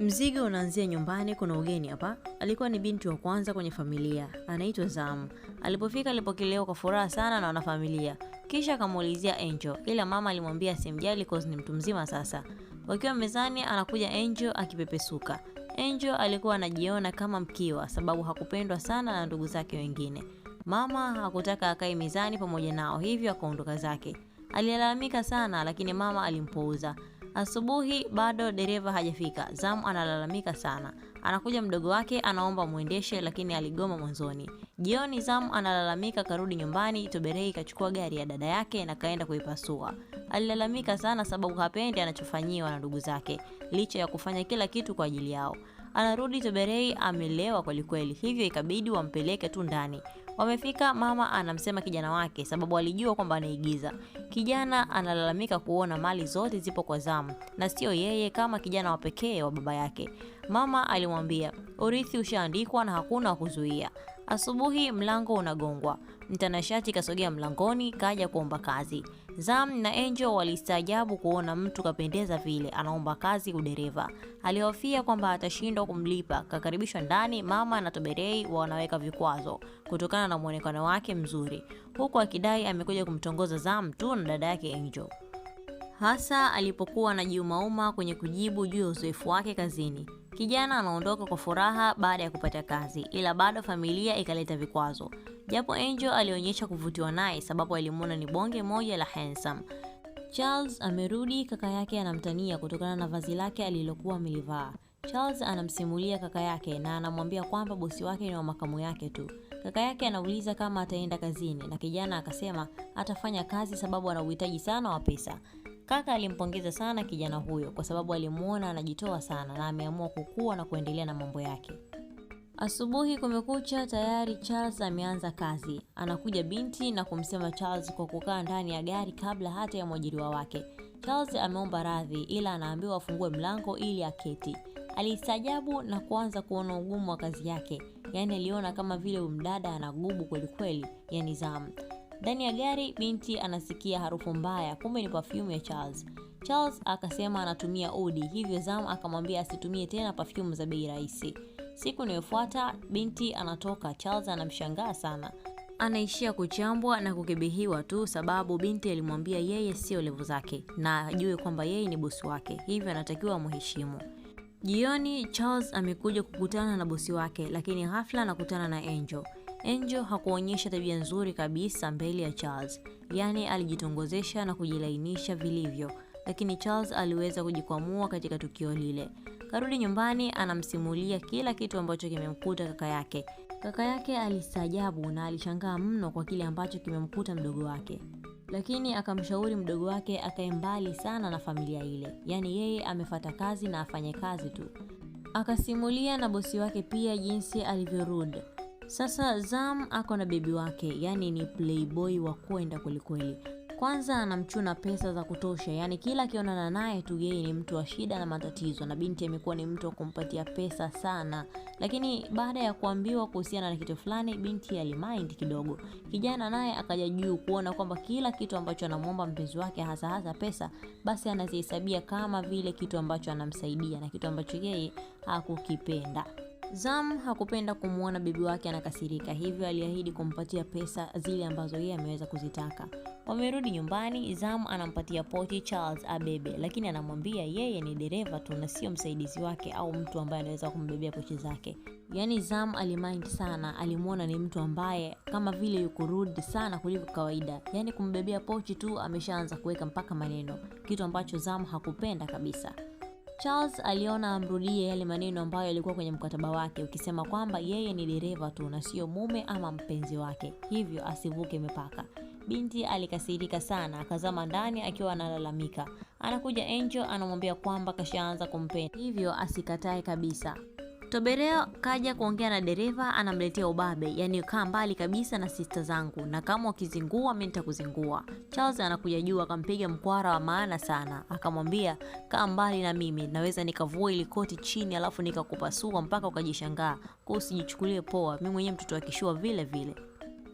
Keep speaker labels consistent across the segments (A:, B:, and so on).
A: Mzigo unaanzia nyumbani. Kuna ugeni hapa. Alikuwa ni binti wa kwanza kwenye familia, anaitwa Zamu. Alipofika alipokelewa kwa furaha sana na wanafamilia, kisha akamuulizia Angel, ila mama alimwambia asimjali cause ni mtu mzima sasa. Wakiwa mezani, anakuja Angel akipepesuka. Angel alikuwa anajiona kama mkiwa, sababu hakupendwa sana na ndugu zake wengine. Mama hakutaka akae mezani pamoja nao, hivyo akaondoka zake. Alilalamika sana, lakini mama alimpuuza. Asubuhi bado dereva hajafika. Zam analalamika sana, anakuja mdogo wake anaomba mwendeshe, lakini aligoma mwanzoni. Jioni Zam analalamika, karudi nyumbani, Toberei kachukua gari ya dada yake na kaenda kuipasua. Alilalamika sana sababu hapendi anachofanyiwa na ndugu zake, licha ya kufanya kila kitu kwa ajili yao. Anarudi Toberei amelewa kwelikweli, hivyo ikabidi wampeleke tu ndani. Wamefika, mama anamsema kijana wake sababu alijua kwamba anaigiza. Kijana analalamika kuona mali zote zipo kwa zamu na sio yeye kama kijana wa pekee wa baba yake. Mama alimwambia urithi ushaandikwa na hakuna wa kuzuia. Asubuhi mlango unagongwa. Mtanashati kasogea mlangoni, kaja kuomba kazi. Zam na Angel walistaajabu kuona mtu kapendeza vile anaomba kazi udereva. Alihofia kwamba atashindwa kumlipa. Kakaribishwa ndani, mama na Toberei wanaweka vikwazo kutokana na mwonekano wake mzuri, huku akidai amekuja kumtongoza Zam tu na dada yake Angel hasa alipokuwa anajiumauma kwenye kujibu juu ya uzoefu wake kazini. Kijana anaondoka kwa furaha baada ya kupata kazi, ila bado familia ikaleta vikwazo, japo Angel alionyesha kuvutiwa naye sababu alimwona ni bonge moja la handsome. Charles amerudi, kaka yake anamtania kutokana na vazi lake alilokuwa amelivaa. Charles anamsimulia kaka yake na anamwambia kwamba bosi wake ni wa makamu yake tu. Kaka yake anauliza kama ataenda kazini na kijana akasema atafanya kazi sababu ana uhitaji sana wa pesa. Kaka alimpongeza sana kijana huyo kwa sababu alimuona anajitoa sana na ameamua kukua na kuendelea na mambo yake. Asubuhi kumekucha, tayari Charles ameanza kazi. Anakuja binti na kumsema Charles kwa kukaa ndani ya gari kabla hata ya mwajiriwa wake. Charles ameomba radhi, ila anaambiwa afungue mlango ili aketi. Alistajabu na kuanza kuona ugumu wa kazi yake, yaani aliona kama vile umdada anagubu kwelikweli yani zamu ndani ya gari binti anasikia harufu mbaya, kumbe ni perfume ya Charles. Charles akasema anatumia udi, hivyo Zam akamwambia asitumie tena perfume za bei rahisi. Siku inayofuata binti anatoka, Charles anamshangaa sana anaishia kuchambwa na kukebehiwa tu, sababu binti alimwambia yeye sio levu zake na ajue kwamba yeye ni bosi wake, hivyo anatakiwa amheshimu. Jioni Charles amekuja kukutana na bosi wake, lakini ghafla anakutana na Angel. Angel hakuonyesha tabia nzuri kabisa mbele ya Charles, yaani alijitongozesha na kujilainisha vilivyo, lakini Charles aliweza kujikwamua katika tukio lile. Karudi nyumbani, anamsimulia kila kitu ambacho kimemkuta kaka yake. Kaka yake alistaajabu na alishangaa mno kwa kile ambacho kimemkuta mdogo wake, lakini akamshauri mdogo wake akae mbali sana na familia ile, yaani yeye amefata kazi na afanye kazi tu. Akasimulia na bosi wake pia jinsi alivyorudi sasa Zam ako na bebi wake, yaani ni playboy wa kwenda kwelikweli. Kwanza anamchuna pesa za kutosha, yaani kila akionana naye tu yeye ni mtu wa shida na matatizo, na binti amekuwa ni mtu wa kumpatia pesa sana. Lakini baada ya kuambiwa kuhusiana na kitu fulani, binti alimind kidogo. Kijana naye akaja juu kuona kwamba kila kitu ambacho anamwomba mpenzi wake, hasa hasa pesa, basi anazihesabia kama vile kitu ambacho anamsaidia na kitu ambacho yeye hakukipenda. Zam hakupenda kumwona bibi wake anakasirika, hivyo aliahidi kumpatia pesa zile ambazo yeye ameweza kuzitaka. Wamerudi nyumbani, Zam anampatia pochi Charles abebe, lakini anamwambia yeye ni dereva tu na sio msaidizi wake au mtu ambaye anaweza kumbebea pochi zake. Yaani Zam alimind sana, alimwona ni mtu ambaye kama vile yuko rude sana kuliko kawaida, yaani kumbebea pochi tu ameshaanza kuweka mpaka maneno, kitu ambacho Zam hakupenda kabisa. Charles aliona amrudie yale maneno ambayo yalikuwa kwenye mkataba wake, ukisema kwamba yeye ni dereva tu na sio mume ama mpenzi wake, hivyo asivuke mipaka. Binti alikasirika sana, akazama ndani akiwa analalamika. Anakuja Angel anamwambia kwamba kashaanza kumpenda, hivyo asikatae kabisa. Tobereo kaja kuongea na dereva, anamletea ubabe, yaani kaa mbali kabisa na sista zangu, na kama ukizingua mimi nitakuzingua. Charles anakuja juu akampiga mkwara wa maana sana, akamwambia kaa mbali na mimi, naweza nikavua ili koti chini alafu nikakupasua mpaka ukajishangaa. Kwa usijichukulie poa, mimi mwenyewe mtoto wa kishua vile vile.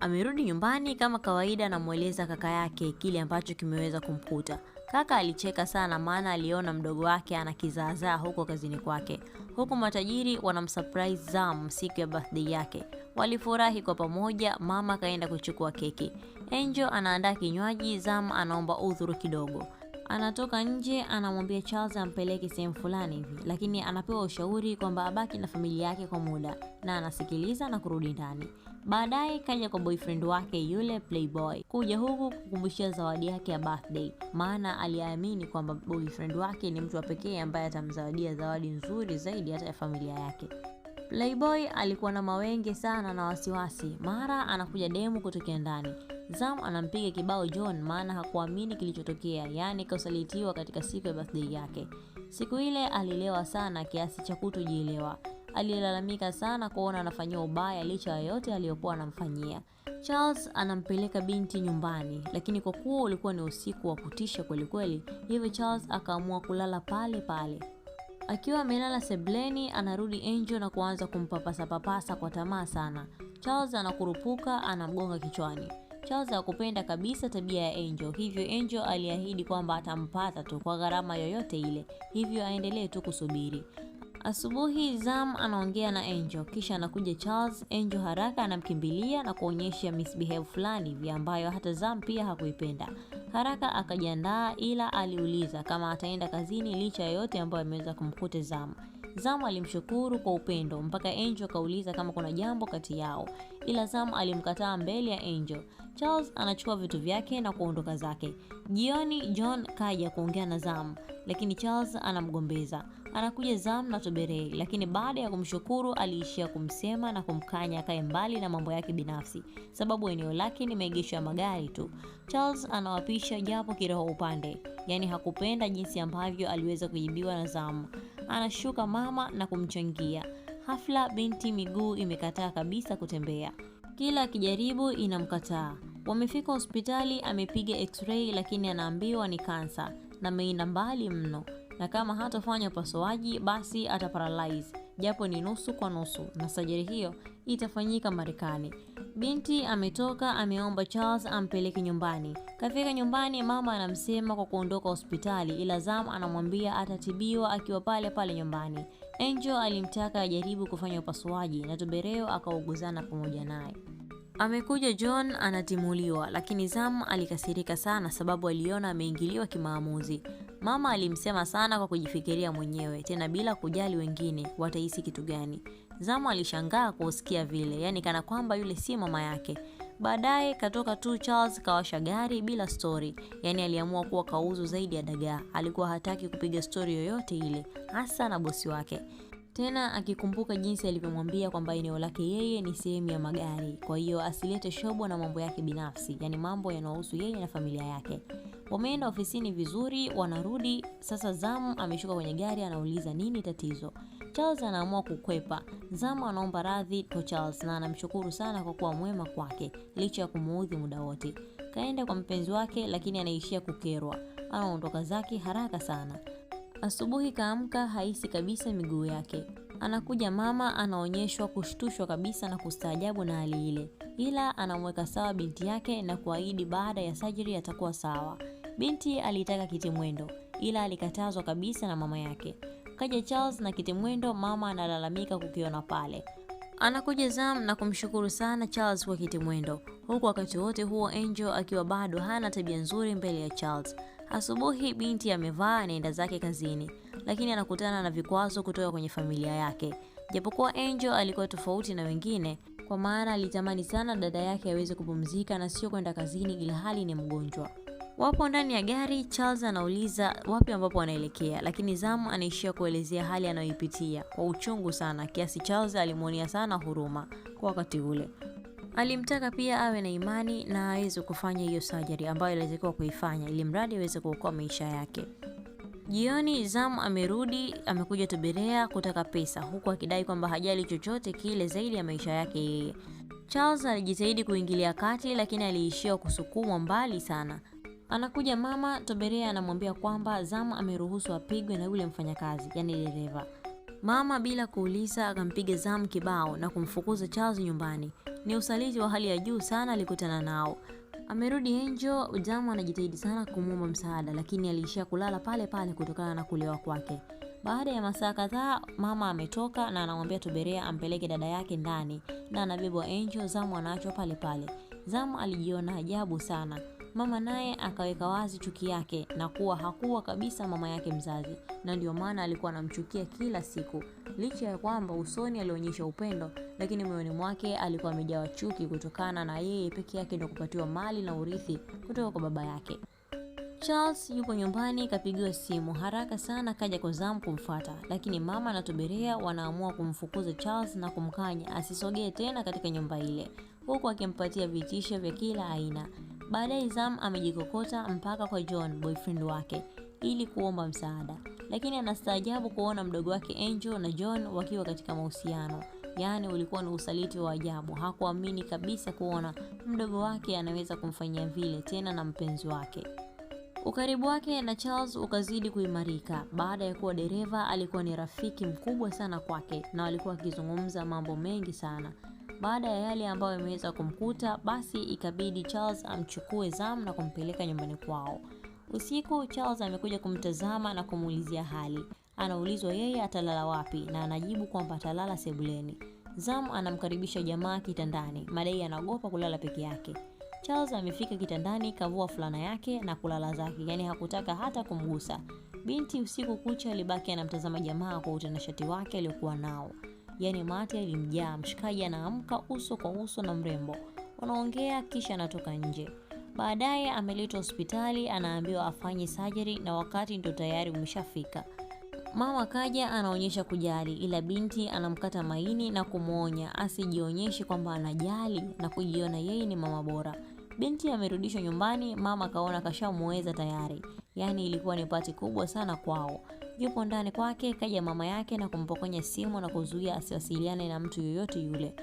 A: Amerudi nyumbani kama kawaida, anamweleza kaka yake kile ambacho kimeweza kumkuta. Kaka alicheka sana maana aliona mdogo wake ana kizaazaa huko kazini kwake. Huku matajiri wanamsurprise Zam siku ya birthday yake. Walifurahi kwa pamoja, mama kaenda kuchukua keki. Angel anaandaa kinywaji, Zam anaomba udhuru kidogo anatoka nje anamwambia Charles ampeleke sehemu fulani hivi, lakini anapewa ushauri kwamba abaki na familia yake kwa muda, na anasikiliza na kurudi ndani. Baadaye kaja kwa boyfriend wake yule playboy kuja huku kukumbushia zawadi yake ya birthday, maana aliamini kwamba boyfriend wake ni mtu wa pekee ambaye atamzawadia zawadi nzuri zaidi hata ya familia yake. Playboy alikuwa na mawenge sana na wasiwasi. Mara anakuja demu kutokea ndani. Zam anampiga kibao John maana hakuamini kilichotokea, yaani kausalitiwa katika siku ya birthday yake. Siku ile alilewa sana kiasi cha kutojielewa. Alilalamika sana kuona anafanyiwa ubaya licha ya yote aliyokuwa anamfanyia. Charles anampeleka binti nyumbani, lakini kwa kuwa ulikuwa ni usiku wa kutisha kwelikweli, hivyo Charles akaamua kulala pale pale. Akiwa amelala sebleni, anarudi Angel na kuanza kumpapasapapasa kwa tamaa sana. Charles anakurupuka, anamgonga kichwani. Charles hakupenda kabisa tabia ya Angel, hivyo Angel aliahidi kwamba atampata tu kwa gharama yoyote ile, hivyo aendelee tu kusubiri. Asubuhi Zam anaongea na Angel, kisha anakuja Charles. Angel haraka anamkimbilia na kuonyesha misbehave fulani hivi ambayo hata Zam pia hakuipenda. Haraka akajiandaa ila aliuliza kama ataenda kazini licha yote ambayo ameweza kumkuta Zamu. Zamu alimshukuru kwa upendo mpaka Angel akauliza kama kuna jambo kati yao, ila Zamu alimkataa mbele ya Angel. Charles anachukua vitu vyake na kuondoka zake. Jioni John kaja kuongea na Zamu, lakini Charles anamgombeza anakuja Zam na Toberei, lakini baada ya kumshukuru aliishia kumsema na kumkanya akae mbali na mambo yake binafsi, sababu eneo lake ni maegesho ya magari tu. Charles anawapisha japo kiroho upande, yaani hakupenda jinsi ambavyo aliweza kujibiwa na Zam. Anashuka mama na kumchangia. Hafla binti miguu imekataa kabisa kutembea, kila akijaribu inamkataa. Wamefika hospitali, amepiga x-ray lakini anaambiwa ni kansa na ameenda mbali mno na kama hatafanya upasuaji basi ataparalyze japo ni nusu kwa nusu, na sajeri hiyo itafanyika Marekani. Binti ametoka ameomba Charles ampeleke nyumbani. Kafika nyumbani, mama anamsema kwa kuondoka hospitali, ila Zam anamwambia atatibiwa akiwa pale pale nyumbani. Angel alimtaka ajaribu kufanya upasuaji na Tubereo akauguzana pamoja naye. Amekuja John anatimuliwa, lakini Zam alikasirika sana sababu aliona ameingiliwa kimaamuzi. Mama alimsema sana kwa kujifikiria mwenyewe, tena bila kujali wengine watahisi kitu gani. Zam alishangaa kusikia vile, yaani kana kwamba yule si mama yake. Baadaye katoka tu Charles kawasha gari bila stori, yaani aliamua kuwa kauzu zaidi ya dagaa. Alikuwa hataki kupiga stori yoyote ile, hasa na bosi wake. Tena akikumbuka jinsi alivyomwambia kwamba eneo lake yeye ni sehemu ya magari, kwa hiyo asilete shobo na mambo yake binafsi, yani mambo yanayohusu yeye na familia yake. Wameenda ofisini vizuri, wanarudi sasa. Zamu ameshuka kwenye gari, anauliza nini tatizo. Charles anaamua kukwepa. Zamu anaomba radhi kwa Charles na anamshukuru sana kwa kuwa mwema kwake licha ya kumuudhi muda wote. Kaenda kwa mpenzi wake, lakini anaishia kukerwa. Anaondoka zake haraka sana. Asubuhi kaamka haisi kabisa miguu yake. Anakuja mama, anaonyeshwa kushtushwa kabisa na kustaajabu na hali ile, ila anamweka sawa binti yake na kuahidi baada ya sajiri atakuwa sawa. Binti alitaka kitimwendo, ila alikatazwa kabisa na mama yake. Kaja Charles na kitimwendo, mama analalamika kukiona pale. Anakuja Zam na kumshukuru sana Charles kwa kitimwendo, huku wakati wote huo Angel akiwa bado hana tabia nzuri mbele ya Charles. Asubuhi binti amevaa anaenda zake kazini, lakini anakutana na vikwazo kutoka kwenye familia yake. Japokuwa Angel alikuwa tofauti na wengine, kwa maana alitamani sana dada yake aweze kupumzika na sio kwenda kazini ila hali ni mgonjwa. Wapo ndani ya gari, Charles anauliza wapi ambapo wanaelekea, lakini Zamu anaishia kuelezea hali anayoipitia kwa uchungu sana kiasi Charles alimwonea sana huruma kwa wakati ule. Alimtaka pia awe na imani na aweze kufanya hiyo sajari ambayo alitakiwa kuifanya ili mradi aweze kuokoa maisha yake. Jioni Zam amerudi amekuja Tuberea kutaka pesa, huku akidai kwamba hajali chochote kile zaidi ya maisha yake yeye. Charles alijitahidi kuingilia kati, lakini aliishiwa kusukumwa mbali sana. Anakuja mama Tuberea anamwambia kwamba Zam ameruhusu apigwe na yule mfanyakazi, yani dereva. Mama bila kuuliza akampiga zamu kibao na kumfukuza Charles nyumbani. Ni usaliti wa hali ya juu sana alikutana nao. Amerudi Angel, Jamu anajitahidi sana kumwomba msaada lakini aliishia kulala pale pale kutokana na kulewa kwake. Baada ya masaa kadhaa mama ametoka na anamwambia Tuberea ampeleke dada yake ndani na anabebwa Angel, Zamu anaachwa pale pale. Zamu alijiona ajabu sana. Mama naye akaweka wazi chuki yake na kuwa hakuwa kabisa mama yake mzazi, na ndio maana alikuwa anamchukia kila siku. Licha ya kwamba usoni alionyesha upendo, lakini moyoni mwake alikuwa amejawa chuki kutokana na yeye peke yake ndio kupatiwa mali na urithi kutoka kwa baba yake. Charles yuko nyumbani, kapigiwa simu haraka sana, kaja kwa zamu kumfuata, lakini mama na Tuberea wanaamua kumfukuza Charles na kumkanya asisogee tena katika nyumba ile, huku akimpatia vitisho vya kila aina. Baadaye Zam amejikokota mpaka kwa John, boyfriend wake, ili kuomba msaada, lakini anastaajabu kuona mdogo wake Angel na John wakiwa katika mahusiano. Yaani ulikuwa ni usaliti wa ajabu. Hakuamini kabisa kuona mdogo wake anaweza kumfanyia vile tena na mpenzi wake. Ukaribu wake na Charles ukazidi kuimarika. Baada ya kuwa dereva, alikuwa ni rafiki mkubwa sana kwake na walikuwa wakizungumza mambo mengi sana. Baada ya yale ambayo yameweza kumkuta, basi ikabidi Charles amchukue Zam na kumpeleka nyumbani kwao. Usiku Charles amekuja kumtazama na kumuulizia hali. Anaulizwa yeye atalala wapi na anajibu kwamba atalala sebuleni. Zam anamkaribisha jamaa kitandani, madai anaogopa kulala peke yake. Charles amefika kitandani, kavua fulana yake na kulala zake, yaani hakutaka hata kumgusa binti. Usiku kucha alibaki anamtazama jamaa kwa utanashati wake aliokuwa nao yaani mate alimjaa. Mshikaji anaamka uso kwa uso na mrembo, wanaongea kisha anatoka nje. Baadaye ameletwa hospitali, anaambiwa afanye sajeri na wakati ndio tayari umeshafika. Mama kaja anaonyesha kujali, ila binti anamkata maini na kumwonya asijionyeshe kwamba anajali na kujiona yeye ni mama bora. Binti amerudishwa nyumbani, mama kaona kashamweza tayari, yaani ilikuwa ni pati kubwa sana kwao. Yupo ndani kwake, kaja mama yake na kumpokonya simu na kuzuia asiwasiliane na mtu yoyote yule.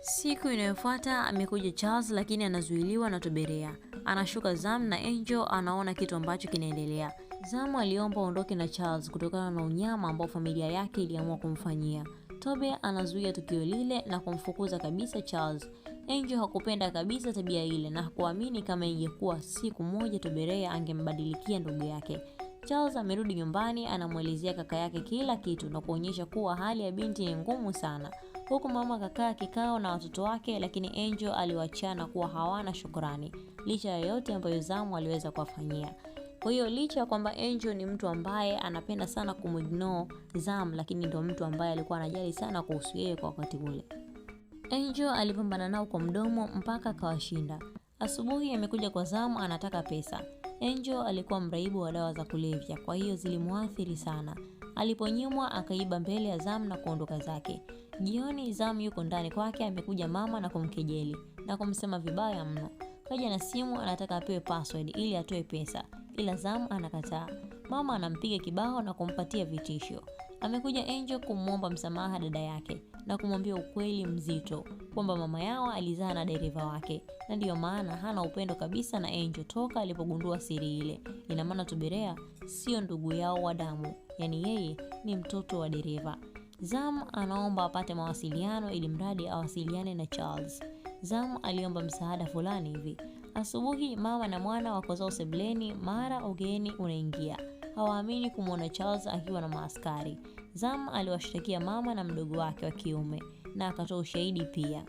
A: Siku inayofuata amekuja Charles lakini anazuiliwa na Toberea. Anashuka Zam na Angel anaona kitu ambacho kinaendelea. Zam aliomba aondoke na Charles kutokana na unyama ambao familia yake iliamua kumfanyia. Tobe anazuia tukio lile na kumfukuza kabisa Charles. Angel hakupenda kabisa tabia ile na hakuamini kama ingekuwa siku moja Toberea angembadilikia ndugu yake. Charles amerudi nyumbani, anamwelezea kaka yake kila kitu na kuonyesha kuwa hali ya binti ni ngumu sana, huku mama kakaa kikao na watoto wake, lakini Angel aliwachana kuwa hawana shukrani licha ya yote ambayo Zamu aliweza kuwafanyia. Kwa hiyo licha ya kwamba Angel ni mtu ambaye anapenda sana kumignore Zam, lakini ndio mtu ambaye alikuwa anajali sana kuhusu yeye kwa wakati ule. Angel alipambana nao kwa mdomo mpaka akawashinda. Asubuhi amekuja kwa zam anataka pesa. Angel alikuwa mraibu wa dawa za kulevya, kwa hiyo zilimwathiri sana. Aliponyimwa akaiba mbele ya Zam na kuondoka zake. Jioni Zam yuko ndani kwake, amekuja mama na kumkejeli na kumsema vibaya mno. Kaja na simu anataka apewe password ili atoe pesa, ila Zam anakataa. Mama anampiga kibao na kumpatia vitisho. Amekuja Angel kumwomba msamaha dada yake, na kumwambia ukweli mzito kwamba mama yao alizaa na dereva wake, na ndiyo maana hana upendo kabisa na Angel toka alipogundua siri ile. Ina maana Tuberea sio ndugu yao wa damu, yaani yeye ni mtoto wa dereva. Zam anaomba apate mawasiliano ili mradi awasiliane na Charles. Zam aliomba msaada fulani hivi. Asubuhi mama na mwana wako zao sebleni, mara ugeni unaingia. Hawaamini kumwona Charles akiwa na maaskari zam aliwashtakia mama na mdogo wake wa kiume na akatoa ushahidi pia.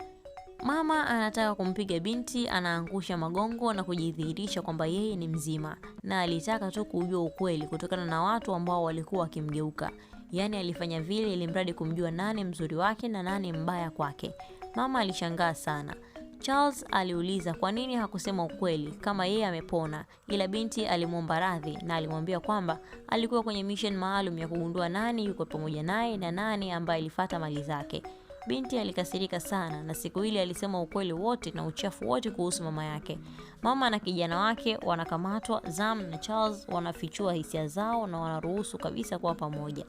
A: Mama anataka kumpiga binti, anaangusha magongo na kujidhihirisha kwamba yeye ni mzima, na alitaka tu kujua ukweli kutokana na watu ambao walikuwa wakimgeuka. Yaani alifanya vile ili mradi kumjua nani mzuri wake na nani mbaya kwake. Mama alishangaa sana. Charles aliuliza kwa nini hakusema ukweli kama yeye amepona, ila binti alimwomba radhi na alimwambia kwamba alikuwa kwenye mission maalum ya kugundua nani yuko pamoja naye na nani ambaye alifata mali zake. Binti alikasirika sana na siku ile alisema ukweli wote na uchafu wote kuhusu mama yake. Mama na kijana wake wanakamatwa, Zam na Charles wanafichua hisia zao na wanaruhusu kabisa kuwa pamoja.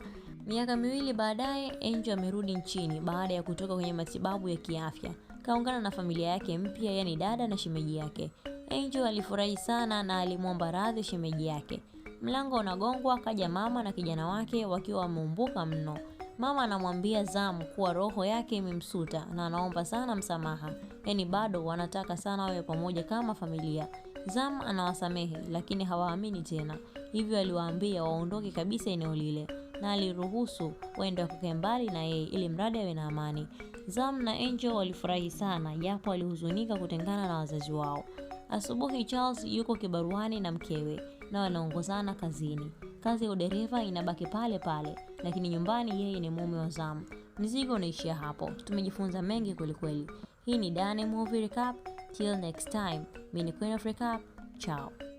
A: Miaka miwili baadaye, Angel amerudi nchini baada ya kutoka kwenye matibabu ya kiafya kaungana na familia yake mpya, yani dada na shemeji yake. Angel alifurahi sana na alimwomba radhi shemeji yake. Mlango unagongwa, kaja mama na kijana wake wakiwa wameumbuka mno. Mama anamwambia Zam kuwa roho yake imemsuta na anaomba sana msamaha, yaani bado wanataka sana wawe pamoja kama familia. Zam anawasamehe lakini hawaamini tena, hivyo aliwaambia waondoke kabisa eneo lile, na aliruhusu waende wakakae mbali na yeye ili mradi awe na amani. Zam na Angel walifurahi sana japo walihuzunika kutengana na wazazi wao. Asubuhi Charles yuko kibaruani na mkewe na wanaongozana kazini. Kazi ya udereva inabaki pale pale, lakini nyumbani yeye ni mume wa Zam. Mzigo unaishia hapo. Tumejifunza mengi kwelikweli. Hii ni Dane Movie Recap. Till next time, mimi ni Queen of Recap. Ciao.